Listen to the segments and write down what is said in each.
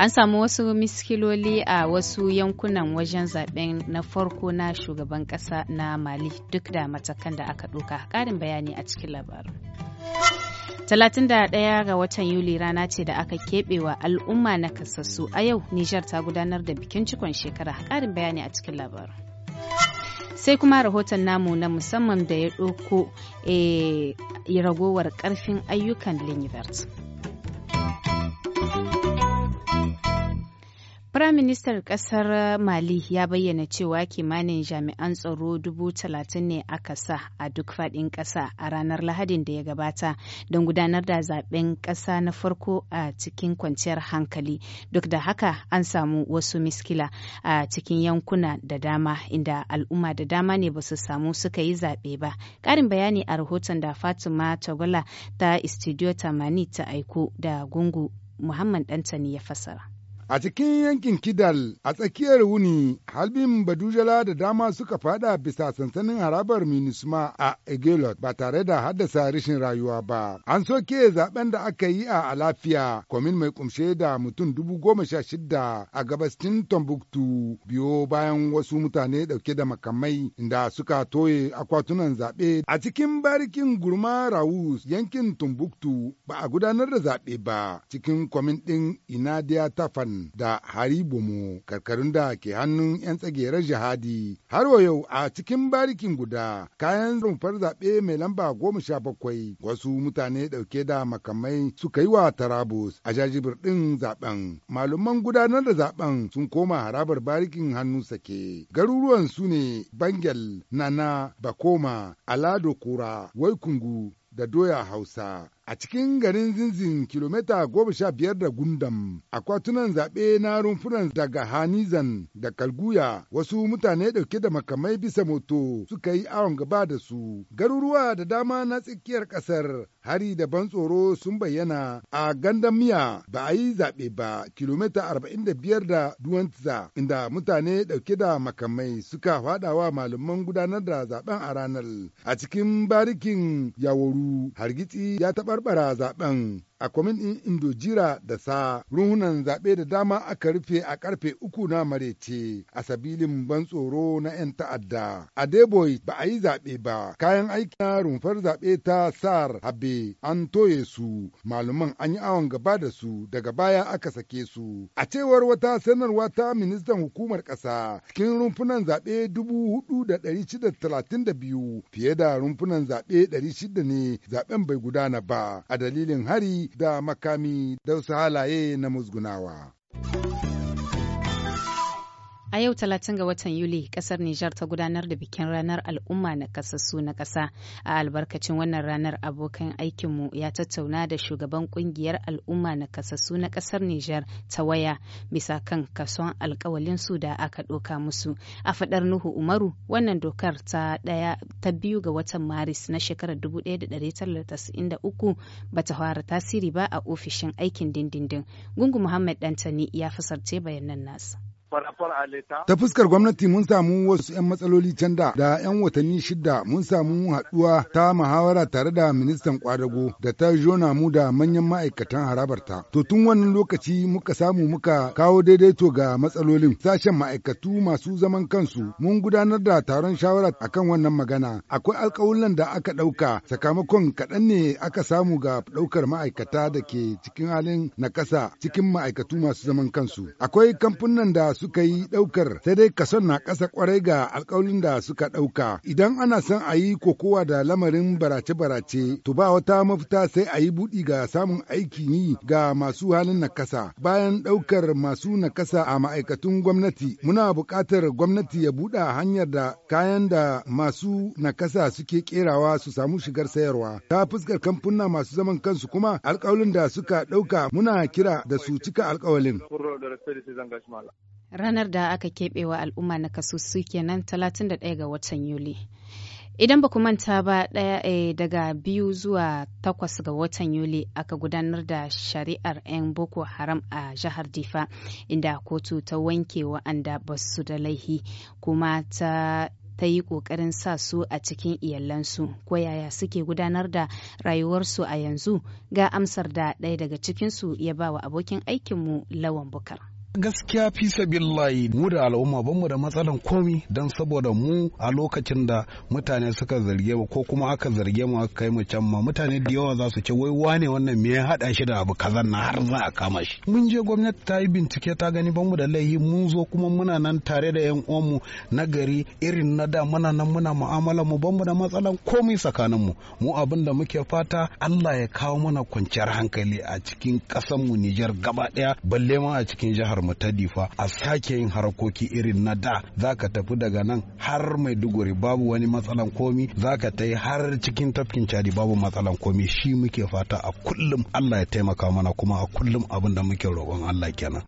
An samu wasu miskiloli a wasu yankunan wajen zaben na farko na shugaban kasa na Mali duk da matakan da aka ɗauka. Ƙarin bayani a cikin labarin. 31 ga watan Yuli rana ce da aka keɓewa al'umma na kasassu a yau Nijar ta gudanar da bikin cikon shekara. Ƙarin bayani a cikin labarin. sai kuma rahoton namu na musamman da ya ɗauko eh, ragowar ƙarfin ayyukan linivert Firaministan ƙasar Mali ya bayyana cewa kimanin jami'an tsaro dubu talatin ne aka sa a duk faɗin ƙasa a ranar Lahadin da ya gabata don gudanar da zaɓen ƙasa na farko a cikin kwanciyar hankali. Duk da haka an samu wasu miskila a cikin yankuna da dama inda al'umma da dama ne ba su samu suka yi zaɓe ba. Ƙarin bayani a rahoton da Fatima tagula ta Istidiyo Tamani ta aiko da Gungu Muhammad Dantani ya fasara. A cikin yankin Kidal a tsakiyar wuni, halbin Badujala da dama suka fada bisa sansanin harabar Minisma a Egelot ba tare da haddasa rashin rayuwa ba. An soke zaben da aka yi a Alafiya, kwamin mai kumshe da mutum dubu goma sha shida a gabashin Tombuktu biyo bayan wasu mutane dauke da makamai inda suka toye akwatunan zaɓe. A cikin barikin Gurma Raus yankin Tombuktu ba a gudanar da zaɓe ba cikin kwamin ɗin Inadiya Tafan da da Haribomo karkarun da ke hannun 'yan tsagerar jihadi. Har wa yau a cikin barikin guda kayan rumfar zaɓe mai lamba goma sha bakwai wasu mutane ɗauke da makamai suka yi wa Tarabus a jajibir ɗin zaɓen. Malaman gudanar da zaɓen sun koma harabar barikin hannu sake. Garuruwan su ne Bangel, Nana, Bakoma, Alado Kura, Waikungu da Doya Hausa. a cikin garin zinzin kilomita goma sha biyar da gundam akwatunan zaɓe na rumfunan daga hanizan da kalguya wasu mutane ɗauke da makamai bisa moto suka yi awon gaba da su garuruwa da dama na tsakiyar ƙasar hari da ban tsoro sun bayyana a gandamiya ba a yi zaɓe ba kilomita arba'in da biyar da duwantza inda mutane ɗauke da makamai suka faɗawa malaman gudanar da zaɓen a ranar a cikin barikin yaworu hargitsi ya taɓa tabarbara zaben a kwamitin Indojira da sa ruhunan zaɓe da dama aka rufe a karfe uku na marece a sabilin ban tsoro na 'yan ta'adda. A Deboy ba a yi zaɓe ba, kayan aiki na rumfar zaɓe ta Sar Habe an toye su, Malaman an yi awon gaba da su daga baya aka sake su. A cewar wata sanarwa ta ministan hukumar ƙasa cikin rumfunan zaɓe dubu hudu da ɗari shida talatin da biyu fiye da rumfunan zaɓe ɗari shida ne zaɓen bai gudana ba a dalilin hari da makami da wasu halaye na musgunawa. A yau talatin ga watan Yuli kasar Nijar ta gudanar da bikin ranar al'umma na kasassu na ƙasa. A albarkacin wannan ranar abokan aikinmu ya tattauna da shugaban kungiyar al'umma na kasassu na ƙasar Nijar ta waya bisa kan kason alkawalinsu da aka ɗoka musu. A faɗar Nuhu Umaru wannan dokar ta ɗaya ta biyu ga watan Maris na shekarar 1993 ba ta fara tasiri ba a ofishin aikin dindindin. Gungu Muhammad Dantani ya fasarce bayanan nasa. Ta fuskar gwamnati mun samu wasu 'yan matsaloli can da da 'yan watanni shida mun samu haɗuwa ta muhawara tare da ministan kwadago da ta jona mu da manyan ma'aikatan harabarta. To tun wannan lokaci muka samu muka kawo daidaito ga matsalolin sashen ma'aikatu masu zaman kansu mun gudanar da taron shawara akan wannan magana. Akwai alkawulan da aka ɗauka sakamakon kaɗan ne aka samu ga ɗaukar ma'aikata da ke cikin halin ƙasa cikin ma'aikatu masu zaman kansu. Akwai kamfunan da suka yi ɗaukar sai dai kason na ƙasa kwarai ga alƙawalin da suka ɗauka. Idan ana son a yi kokowa da lamarin barace-barace to ba wata mafita sai a yi buɗi ga samun aikin yi ga masu halin nakasa. Bayan ɗaukar masu nakasa a ma'aikatun gwamnati muna buƙatar gwamnati ya buɗa hanyar da kayan da masu nakasa suke ƙerawa su samu shigar sayarwa. Ta fuskar kamfuna masu zaman kansu kuma alƙawalin da suka ɗauka muna kira da su cika alƙawalin. ranar da aka keɓewa al'umma na kasussu kenan 31 ga watan Yuli. Idan ba ku manta ba ɗaya eh, daga biyu zuwa takwas ga watan Yuli aka gudanar da shari'ar 'yan Boko Haram a jihar Difa inda kotu ta wanke wa'anda ba su da laihi kuma ta ta yi ƙoƙarin sa su a cikin iyalansu ko yaya suke gudanar da rayuwarsu a yanzu ga amsar da ɗaya daga cikinsu ya ba wa abokin aikinmu lawan bukar. gaskiya fi sabillahi mu da al'umma mu da matsalan komi don saboda mu a lokacin da mutane suka zarge mu ko kuma aka zarge mu aka kai mu can ma mutane da yawa za su ce wai wane wannan me ya hada shi da abu kazan na har za a kama shi mun je gwamnati ta yi bincike ta gani mu da laihi mun zo kuma muna nan tare da yan uwanmu na gari irin na da muna nan muna mu'amala mu mu da matsalan komi tsakanin mu mu abin da muke fata Allah ya kawo mana kwanciyar hankali a cikin ƙasar mu Nijar gaba daya balle ma a cikin jihar mu mu ta difa a sake yin harkoki irin na da za ka tafi daga nan har mai maiduguri babu wani matsalan komi za ka ta yi har cikin tafkin cadi babu matsalan komi shi muke fata a kullum allah ya taimaka mana kuma a kullum abin da muke roƙon allah kenan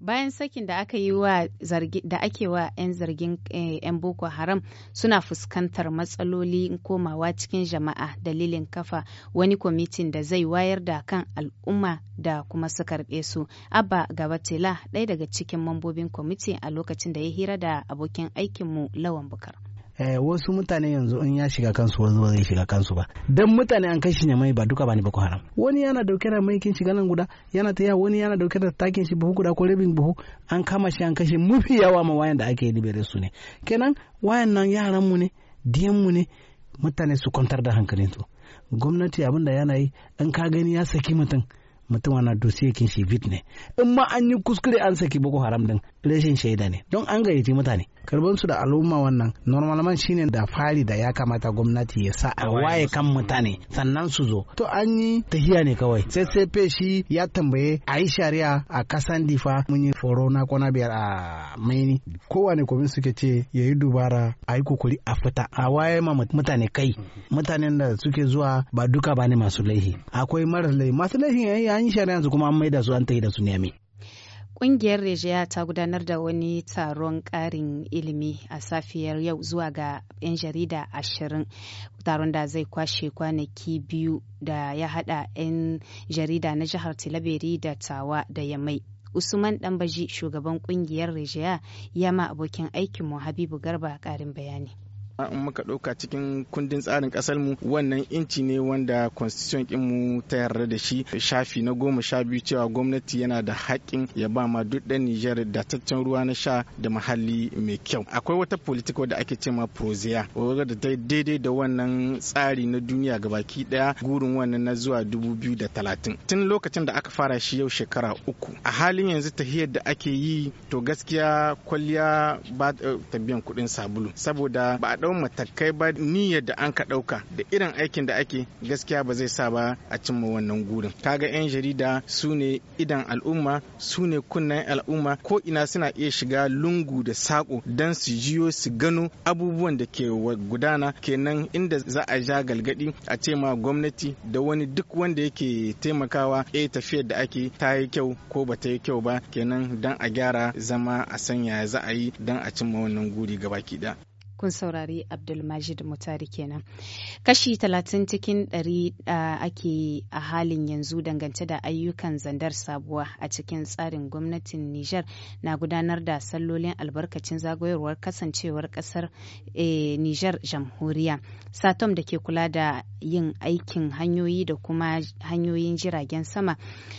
bayan sakin da aka yi wa zargi da ake wa 'yan zargin eh, 'yan boko haram suna fuskantar matsaloli komawa cikin jama'a dalilin kafa wani kwamitin da zai wayar da kan al'umma da kuma su karɓe su abba gabatela ɗaya daga cikin mambobin kwamitin a lokacin da ya hira da abokin aikinmu lawan bukar. Eh, wasu mutane yanzu in ya shiga kansu wasu ba zai shiga kansu ba dan mutane an kai shi ne mai ba duka bane boko haram wani yana dauke da mai shiga nan guda yana ta wani yana dauke da takin shi buhu guda ko rabin buhu an kama shi an kashe mafi yawa ma wayan da ake libere su ne kenan wayan nan yaran mu ne diyan mu ne mutane su kwantar da hankalin su gwamnati abin da yana yi in ka gani ya saki mutum mutum wana dosiye kin shi vit ne in ma an yi kuskure an saki boko haram din rashin shaida ne don an gayyaci mutane karban su da al'umma wannan normal man shine da fari da ya kamata gwamnati ya sa a waye kan mutane sannan su zo to an yi tahiya ne kawai sai sai shi ya tambaye a yi shari'a a kasan difa mun yi foro na kwana biyar a maini kowane komin suke ce ya yi dubara a yi kokari a fita a waye ma mutane kai mutanen da suke zuwa ba duka ba ne masu laihi akwai maras laihi masu laihi an yi shari'a su kuma an maida su an tahi da su ne Ƙungiyar Rejiya ta gudanar da wani taron ƙarin ilimi a safiyar yau zuwa ga 'yan jarida ashirin taron da zai kwashe kwanaki biyu da ya haɗa 'yan jarida na jihar Tilaberi da Tawa da Yamai. Usman Ɗanbaji shugaban ƙungiyar Rejiya ya ma abokin aikinmu Habibu Garba ƙarin bayani. in muka ɗauka cikin kundin tsarin kasar mu wannan inci ne wanda constitution ɗin mu ta yarda da shi shafi na goma sha biyu cewa gwamnati yana da haƙƙin ya ba ma duk ɗan Nijar dataccen ruwa na sha da muhalli mai kyau akwai wata politika da ake cema prozea wadda ta daidai da wannan tsari na duniya gabaki ɗaya. gurin wannan na zuwa talatin. tun lokacin da aka fara shi yau shekara uku a halin yanzu tahiyar da ake yi to gaskiya kwalliya ba eh, ta biyan kuɗin sabulu saboda ba ɗau matakai ba niyyar da an ka ɗauka da irin aikin da ake gaskiya ba zai sa ba a cimma wannan gurin kaga 'yan jarida su ne idan al'umma su ne kunnen al'umma ko ina suna iya shiga lungu da sako don su jiyo su gano abubuwan da ke gudana kenan inda za a ja galgadi a ce ma gwamnati da wani duk wanda yake taimakawa e tafiyar da ake ta yi kyau ko ba ta yi kyau ba kenan don a gyara zama a sanya za a yi don a cimma wannan guri gabaki ɗaya. kun saurari abdulmajid mutari kenan kashi talatin cikin ɗari ake a halin yanzu dangance da ayyukan zandar sabuwa a cikin tsarin gwamnatin niger na gudanar da sallolin albarkacin zagayowar kasancewar kasar e, niger jamhuriya satom da ke kula da yin aikin hanyoyi da kuma hanyoyin jiragen sama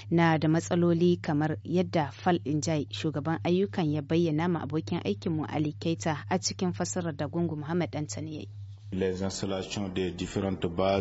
na da matsaloli kamar yadda fal injai shugaban ayyukan ya bayyana ma abokin aikinmu ali keita a cikin fasarar da gungu Muhammad Dantsani ya yi.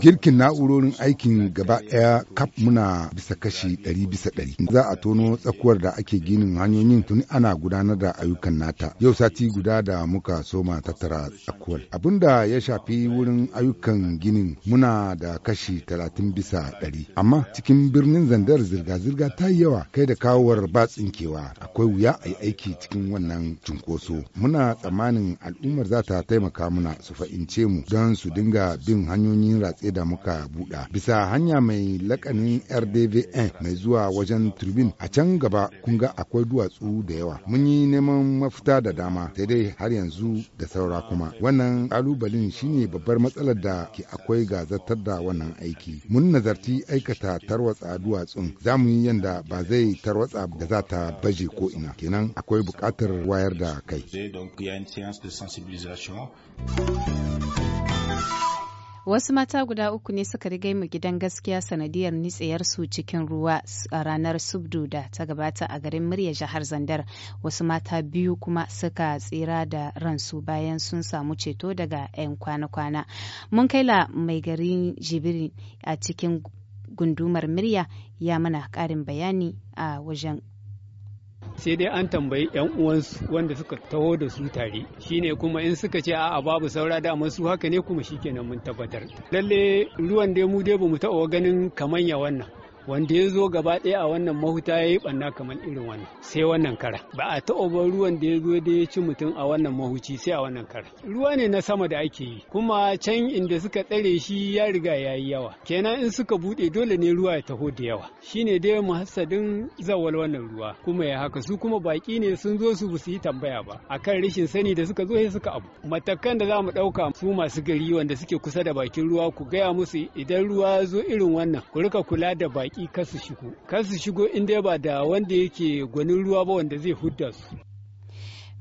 Girkin na'urorin aikin gaba ɗaya kaf muna bisa kashi ɗari bisa ɗari. Za a tono tsakuwar da ake ginin hanyoyin tuni ana gudanar da ayyukan nata. Yau sati guda da muka soma tattara tsakuwar. Abin da ya shafi wurin ayyukan ginin muna da kashi talatin bisa ɗari. Amma cikin birnin zandar zirga-zirga ta yi yawa kai da kawowar ba tsinkewa. Akwai wuya a yi aiki cikin wannan cunkoso. Muna tsammanin al'ummar za ta taimaka muna su fahimce mu mu don su dinga bin hanyoyin ratse da muka buɗa bisa hanya mai lakanin rdvn mai zuwa wajen turbin a can gaba kun ga akwai duwatsu da yawa mun yi neman mafita da dama sai dai har yanzu da saura kuma wannan kalubalen shine babbar matsalar da ke akwai ga zartar da wannan aiki mun nazarci aikata tarwatsa duwatsun za mu yi yanda ba zai tarwatsa da za ta baje ko ina kenan akwai buƙatar wayar da kai Wasu mata guda uku ne suka riga mu gidan gaskiya sanadiyar nitsayarsu cikin ruwa a ranar Subdu da ta gabata a garin murya jihar Zandar. Wasu mata biyu kuma suka tsira da ransu bayan sun samu ceto daga 'yan kwana-kwana. Mun la mai garin Jibiri a cikin gundumar murya ya mana ƙarin bayani a wajen sai dai an tambayi yan uwansu wanda suka taho da su tare shine kuma in suka ce a'a babu saura dama su haka ne kuma shikenan mun tabbatar lalle ruwan dai mu dai bamu taɓa ganin kamanya wannan wanda ya zo gaba ɗaya a wannan mahuta ya yi ɓanna kamar irin wannan sai wannan kara ba a taɓa ba ruwan da ya zo da ya ci mutum a wannan mahuci sai a wannan kara ruwa ne na sama da ake yi kuma can inda suka tsare shi ya riga ya yi yawa kenan in suka buɗe dole ne ruwa ya taho da yawa shine dai muhassadin zawal wannan ruwa kuma ya haka su kuma baƙi ne sun zo su su yi tambaya ba akan rashin sani da suka zo sai suka abu matakan da za mu ɗauka su masu gari wanda suke kusa da bakin ruwa ku gaya musu idan ruwa zo irin wannan ku rika kula da baƙi yaƙi kar su shigo kar su shigo in dai ba da wanda yake gwanin ruwa ba wanda zai hudda su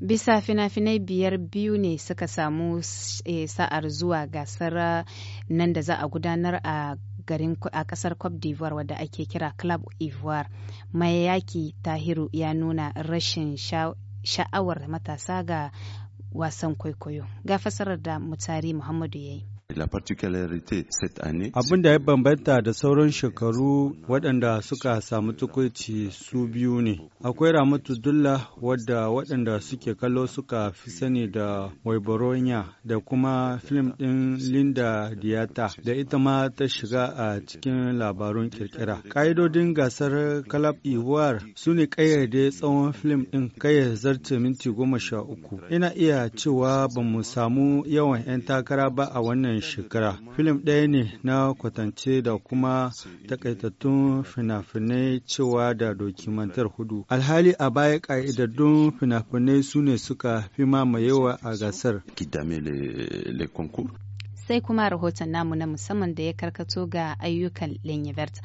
bisa fina-finai biyar biyu ne suka samu eh, sa'ar zuwa gasar nan da za a gudanar a garin a kasar Cote d'Ivoire wadda ake kira Club Ivoire mai yaki Tahiru ya nuna rashin sha'awar matasa ga wasan kwaikwayo ga fasarar da mutari Muhammadu ya yi. Abin da ya bambanta da sauran shekaru waɗanda suka samu tukuci su biyu ne. Akwai Ramatu Dulla wadda waɗanda suke kallo suka fi sani da Waiboronya da kuma fim ɗin Linda Diata da ita ma ta shiga a cikin labarun kirkira. Ƙa'idodin gasar Club iwar su ne ƙayyade tsawon fim ɗin kayyar zarce minti goma sha uku. Ina iya cewa ba mu samu yawan 'yan takara ba a wannan shekara. Filim ɗaya ne na kwatance da kuma takaitattun fina-finai cewa da dokimantar hudu. Alhali a baya ƙa'idaddun fina-finai su ne suka fi mamayewa a gasar. Sai kuma rahoton namu na musamman da ya karkato ga ayyukan Lenyevert.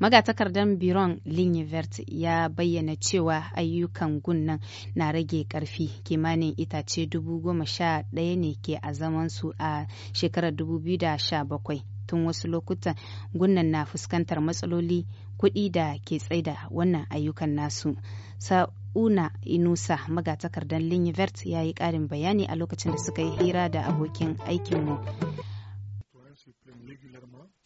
magatakardan biron linyvert ya bayyana cewa ayyukan gunnan na rage karfi kimanin itace dubu ɗaya ne ke a su a shekarar 2017 tun wasu lokutan gunnan na fuskantar matsaloli kuɗi da ke tsaida wannan ayyukan nasu sa'una inusa magatakardan linyvert ya yi ƙarin bayani a lokacin da suka yi hira da abokin aikinmu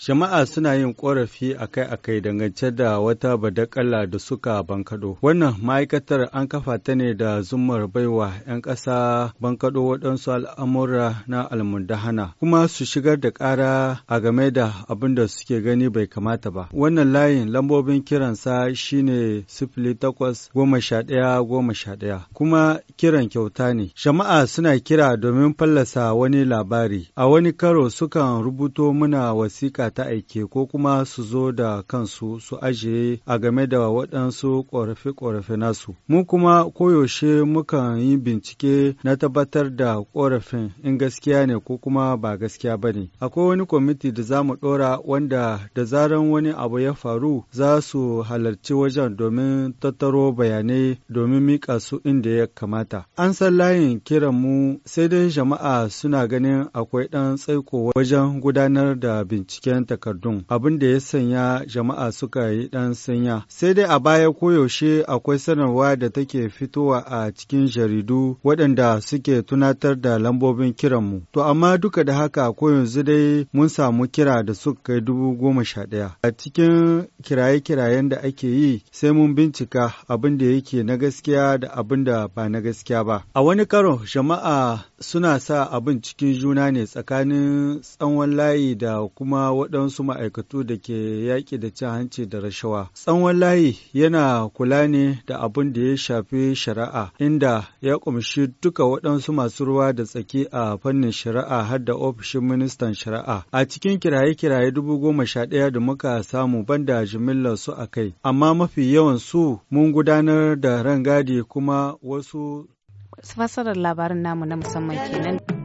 Shama'a suna yin ƙorafi akai-akai dangance da wata badakala da suka bankaɗo. Wannan ma'aikatar an kafa ta ne da zumar baiwa 'yan ƙasa bankaɗo waɗansu al'amura na almundahana, kuma su shigar da ƙara a game da abin da suke gani bai kamata ba. Wannan layin lambobin kiransa shine sifili takwas goma sha ɗaya goma sha ɗaya, kuma kiran kyauta ne. Shama'a suna kira domin fallasa wani labari. A wani karo sukan rubuto muna wasiƙa ta aike ko kuma su zo da kansu su ajiye a game da waɗansu ƙorafe-ƙorafe nasu. Mu kuma koyaushe mukan yi bincike na tabbatar da ƙorafin in gaskiya ne ko kuma ba gaskiya ba ne. Akwai wani kwamiti da za mu ɗora wanda da zaran wani abu ya faru za su halarci wajen domin tattaro bayanai domin mika su inda ya kamata. An san layin kiran mu sai dai jama'a suna ganin akwai ɗan tsaiko wajen gudanar da binciken waɗannan takardun abin da ya sanya jama'a suka yi ɗan sanya. Sai dai a baya koyaushe akwai sanarwa da take fitowa a cikin jaridu waɗanda suke tunatar da lambobin kiranmu. To amma duka da haka ko yanzu dai mun samu kira da suka kai dubu goma sha ɗaya. A cikin kiraye-kirayen da ake yi sai mun bincika abin da yake na gaskiya da abin da ba na gaskiya ba. A wani karo jama'a suna sa abin cikin juna ne tsakanin tsawon layi da kuma waɗansu ma'aikatu da ke yaƙi da cin hanci da rashawa. Tsawon layi yana kula ne da abin da ya shafi shari'a inda ya ƙumshi duka waɗansu masu ruwa da tsaki a fannin shari'a har da ofishin ministan shari'a. A cikin kiraye-kiraye dubu goma sha ɗaya da muka samu banda jimillar su a kai, amma mafi yawan su mun gudanar da rangadi kuma wasu. Fassarar labarin namu na musamman kenan.